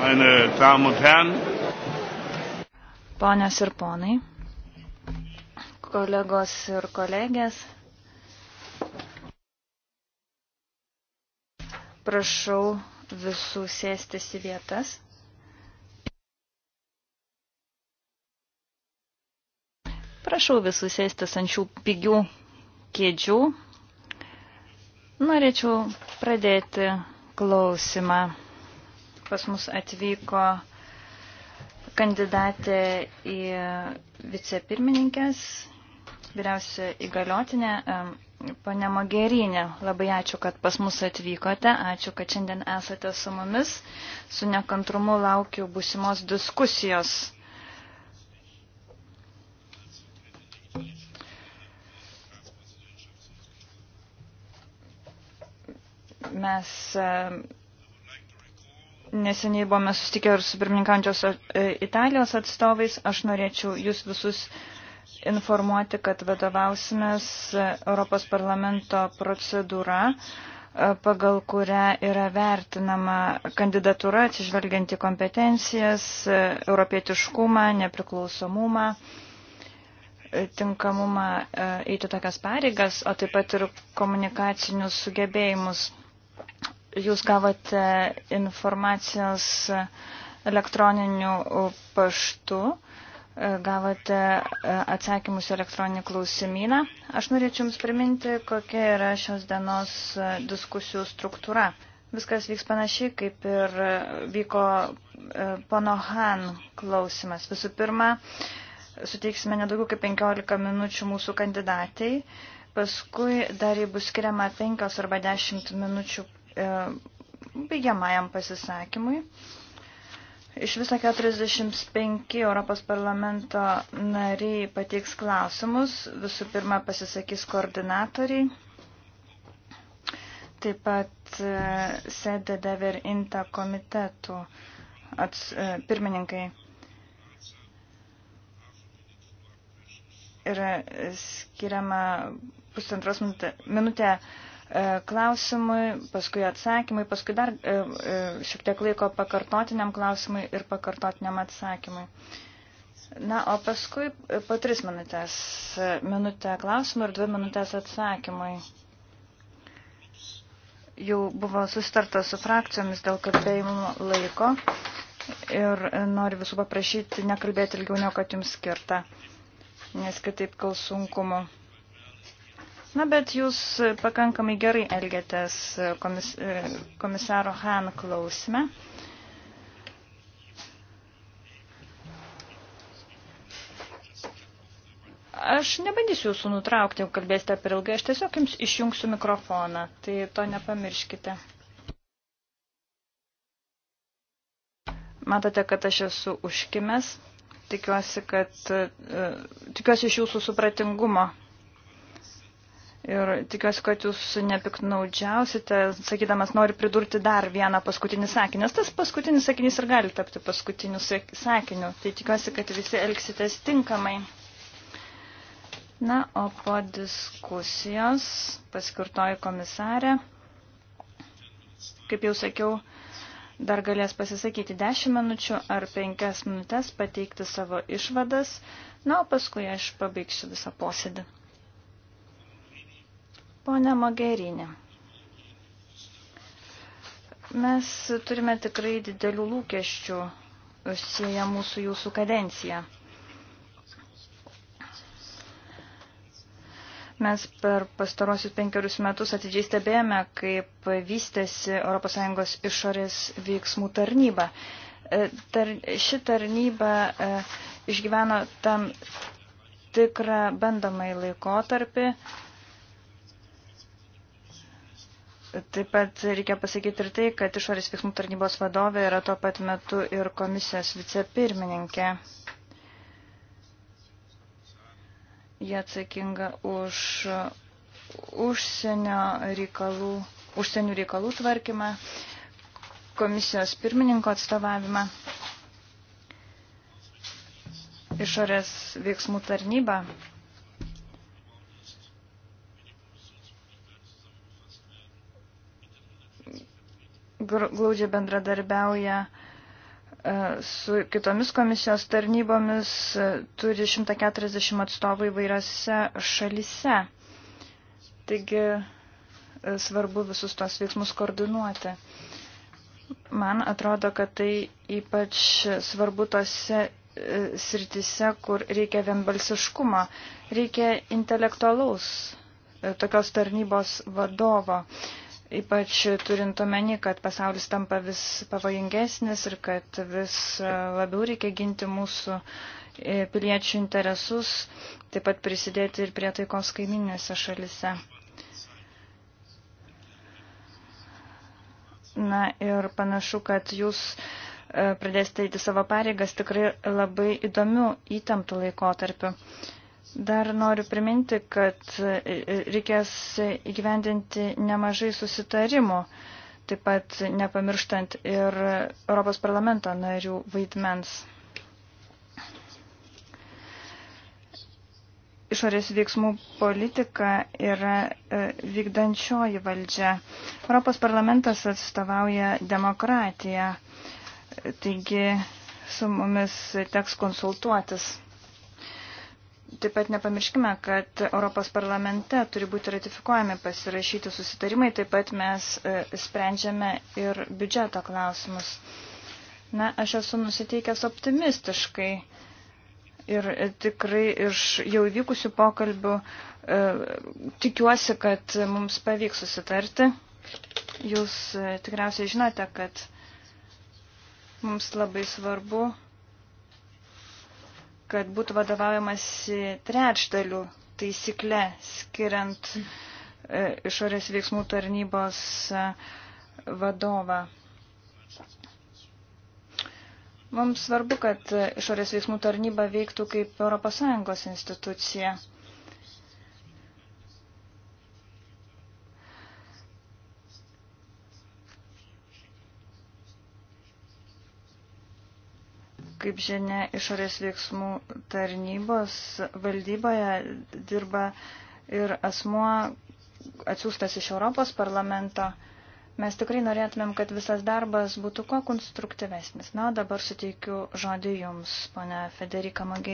Meine Damen und Herren. Ponios ir ponai, kolegos ir kolegės, prašau visų sėstis į vietas. Prašau visų sėstis ant šių pigių kėdžių. Norėčiau pradėti klausimą. Pas mus atvyko kandidatė į vicepirmininkės, vyriausia įgaliotinė, ponė Mogerinė. Labai ačiū, kad pas mus atvykote, ačiū, kad šiandien esate su mumis. Su nekantrumu laukiu būsimos diskusijos. mes Neseniai buvome susitikę ir su pirmininkančios e, Italijos atstovais. Aš norėčiau jūs visus informuoti, kad vadovausimės e, Europos parlamento procedūra, e, pagal kurią yra vertinama kandidatūra atsižvelgianti kompetencijas, europietiškumą, nepriklausomumą, tinkamumą eiti tokias pareigas, o taip pat ir komunikacinius sugebėjimus jūs gavote informacijos elektroniniu paštu, gavote atsakymus elektroninį klausimyną. Aš norėčiau Jums priminti, kokia yra šios dienos diskusijų struktūra. Viskas vyks panašiai, kaip ir vyko e, pono Han klausimas. Visų pirma, suteiksime nedaugiau kaip 15 minučių mūsų kandidatai paskui dar jį bus skiriama 5 arba 10 minučių E, baigiamajam pasisakymui. Iš viso 45 Europos parlamento nariai pateiks klausimus. Visų pirma, pasisakys koordinatoriai. Taip pat e, sėdė Dever Inta komitetų ats, e, pirmininkai. Yra skiriama pusantros minutė, minutė E, klausimui, paskui atsakymui, paskui dar e, e, šiek tiek laiko pakartotiniam klausimui ir pakartotiniam atsakymui. Na, o paskui po tris minutės. Minutę klausimui ir dvi minutės atsakymui. Jau buvo sustarta su frakcijomis dėl kalbėjimo laiko ir noriu visų paprašyti nekalbėti ilgiau, negu kad jums skirta, nes kitaip kal sunkumu. Na, bet jūs pakankamai gerai elgėtės komis, komisaro Han klausime. Aš nebandysiu jūsų nutraukti, jeigu kalbėsite per ilgai, aš tiesiog jums išjungsiu mikrofoną, tai to nepamirškite. Matote, kad aš esu užkimęs, tikiuosi, kad, e, tikiuosi iš jūsų supratingumo Ir tikiuosi, kad jūs nepiknaudžiausite, sakydamas, noriu pridurti dar vieną paskutinį sakinį, nes tas paskutinis sakinys ir gali tapti paskutiniu sakiniu. Tai tikiuosi, kad visi elgsitės tinkamai. Na, o po diskusijos paskirtoji komisarė, kaip jau sakiau, dar galės pasisakyti 10 minučių ar 5 minutės, pateikti savo išvadas, na, o paskui aš pabaigsiu visą posėdį. Pone Mogerinė, mes turime tikrai didelių lūkesčių sieja mūsų jūsų kadencija. Mes per pastarosius penkerius metus atidžiai stebėjome, kaip vystėsi ES išorės veiksmų tarnyba. E, tar, ši tarnyba e, išgyveno tam tikrą bandamąjį laikotarpį, Taip pat reikia pasakyti ir tai, kad išorės veiksmų tarnybos vadovė yra tuo pat metu ir komisijos vicepirmininkė. Jie atsakinga už užsienio reikalų, užsienio reikalų tvarkymą, komisijos pirmininko atstovavimą. Išorės veiksmų tarnyba glaudžiai bendradarbiauja e, su kitomis komisijos tarnybomis, e, turi 140 atstovų įvairiose šalise. Taigi e, svarbu visus tos veiksmus koordinuoti. Man atrodo, kad tai ypač svarbu tose sritise, kur reikia vienbalsiškumo, reikia intelektualaus tokios tarnybos vadovo. Ypač turint omeny, kad pasaulis tampa vis pavojingesnis ir kad vis e, labiau reikia ginti mūsų e, piliečių interesus, taip pat prisidėti ir prie taikos kaiminėse šalise. Na ir panašu, kad jūs e, pradėsite įti savo pareigas tikrai labai įdomių įtamtų laikotarpių. Dar noriu priminti, kad reikės įgyvendinti nemažai susitarimų, taip pat nepamirštant ir Europos parlamento narių vaidmens. Išorės veiksmų politika yra e, vykdančioji valdžia. Europos parlamentas atstovauja demokratiją, taigi su mumis teks konsultuotis. Taip pat nepamirškime, kad Europos parlamente turi būti ratifikuojami pasirašyti susitarimai, taip pat mes e, sprendžiame ir biudžeto klausimus. Na, aš esu nusiteikęs optimistiškai ir e, tikrai iš jau įvykusių pokalbių e, tikiuosi, kad mums pavyks susitarti. Jūs e, tikriausiai žinote, kad mums labai svarbu kad būtų vadovaujamas trečdalių taisykle, skiriant e, išorės veiksmų tarnybos e, vadovą. Mums svarbu, kad e, išorės veiksmų tarnyba veiktų kaip ES institucija. Kaip žinia, išorės veiksmų tarnybos valdyboje dirba ir asmuo atsiųstas iš Europos parlamento. Mes tikrai norėtumėm, kad visas darbas būtų kuo konstruktyvesnis. Na, dabar suteikiu žodį Jums, ponia Federika Magė.